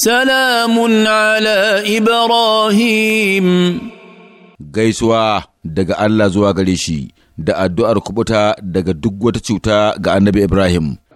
سلام على إبراهيم gaisuwa daga Allah zuwa gare shi da addu'ar kubuta daga duk wata cuta ga annabi Ibrahim.